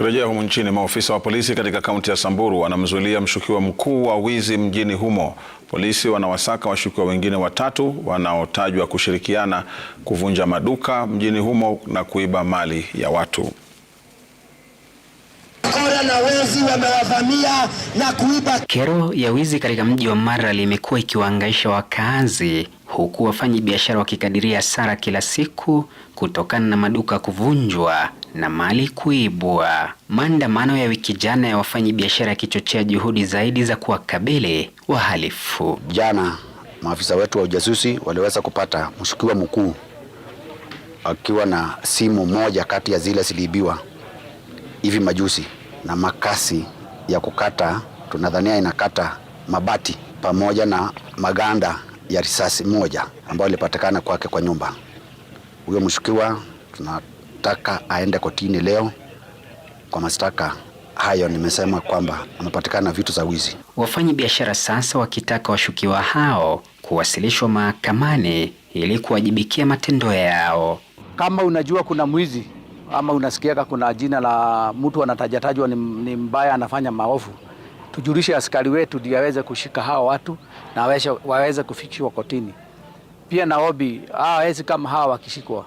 Kurejea humu nchini, maofisa wa polisi katika kaunti ya Samburu wanamzuilia mshukiwa mkuu wa wizi mjini humo. Polisi wanawasaka washukiwa wengine watatu wanaotajwa kushirikiana kuvunja maduka mjini humo na kuiba mali ya watu. Kora na wezi wamewavamia na kuiba. Kero ya wizi katika mji wa Maralal imekuwa ikiwaangaisha wakaazi huku wafanyi biashara wakikadiria hasara kila siku kutokana na maduka kuvunjwa na mali kuibwa. Maandamano ya wiki jana ya wafanyi biashara yakichochea juhudi zaidi za kuwakabili wahalifu. Jana maafisa wetu wa ujasusi waliweza kupata mshukiwa mkuu akiwa na simu moja kati ya zile ziliibiwa hivi majuzi na makasi ya kukata, tunadhania inakata mabati pamoja na maganda ya risasi moja ambayo ilipatikana kwake kwa nyumba. Huyo mshukiwa tunataka aende kotini leo kwa mashtaka hayo. Nimesema kwamba amepatikana vitu za wizi. Wafanyi biashara sasa wakitaka washukiwa hao kuwasilishwa mahakamani ili kuwajibikia matendo yao. Kama unajua kuna mwizi ama unasikiaka kuna jina la mtu anatajatajwa ni mbaya, anafanya maovu tujulishe askari wetu ndio aweze kushika hao watu na waweze, waweze kufikishwa kotini. Pia ah, hawa wezi kama hawa wakishikwa,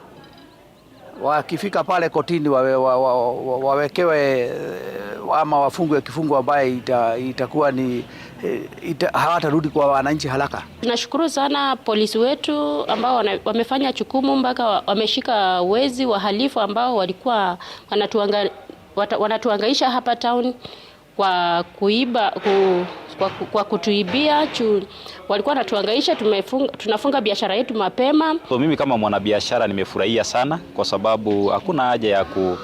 wakifika pale kotini wawe, wa, wa, wa, wawekewe eh, ama wafungwe kifungo ambaye ita, itakuwa ni eh, ita, hawatarudi kwa wananchi haraka. Tunashukuru sana polisi wetu ambao wana, wamefanya chukumu mpaka wameshika wezi wahalifu ambao walikuwa wanatuanga, wanatuangaisha hapa town kwa kuiba ku, kwa, kwa kutuibia chu, Walikuwa natuangaisha tunafunga biashara yetu mapema. So, mimi kama mwanabiashara nimefurahia sana kwa sababu hakuna haja ya, ku,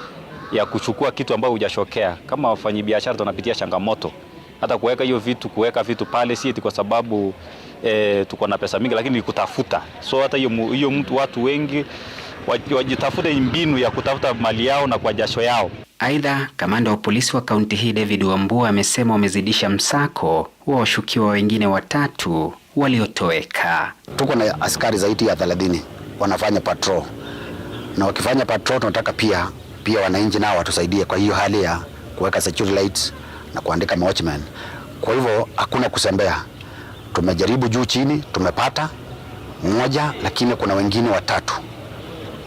ya kuchukua kitu ambayo hujashokea. Kama wafanyabiashara tunapitia changamoto hata kuweka hiyo vitu kuweka vitu pale si eti kwa sababu e, tuko na pesa mingi, lakini ni kutafuta. So hata hiyo mtu, watu wengi wajitafute mbinu ya kutafuta mali yao na kwa jasho yao. Aidha, kamanda wa polisi wa kaunti hii David Wambua amesema wamezidisha msako wa washukiwa wengine watatu waliotoweka. Tuko na askari zaidi ya 30 wanafanya patrol, na wakifanya patrol tunataka pia pia wananchi nao watusaidie kwa hiyo hali ya kuweka security lights na kuandika watchman. Kwa hivyo hakuna kusembea, tumejaribu juu chini, tumepata mmoja, lakini kuna wengine watatu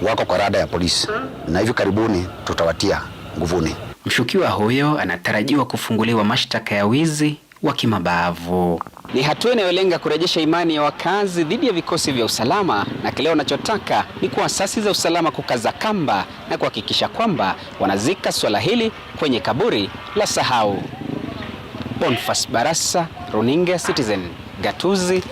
wako kwa rada ya polisi na hivi karibuni tutawatia nguvuni. Mshukiwa huyo anatarajiwa kufunguliwa mashtaka ya wizi wa kimabavu. Ni hatua inayolenga kurejesha imani ya wakazi dhidi ya vikosi vya usalama, na kile wanachotaka ni kwa asasi za usalama kukaza kamba na kuhakikisha kwamba wanazika swala hili kwenye kaburi la sahau. Bonfas Barasa, Runinga Citizen, Gatuzi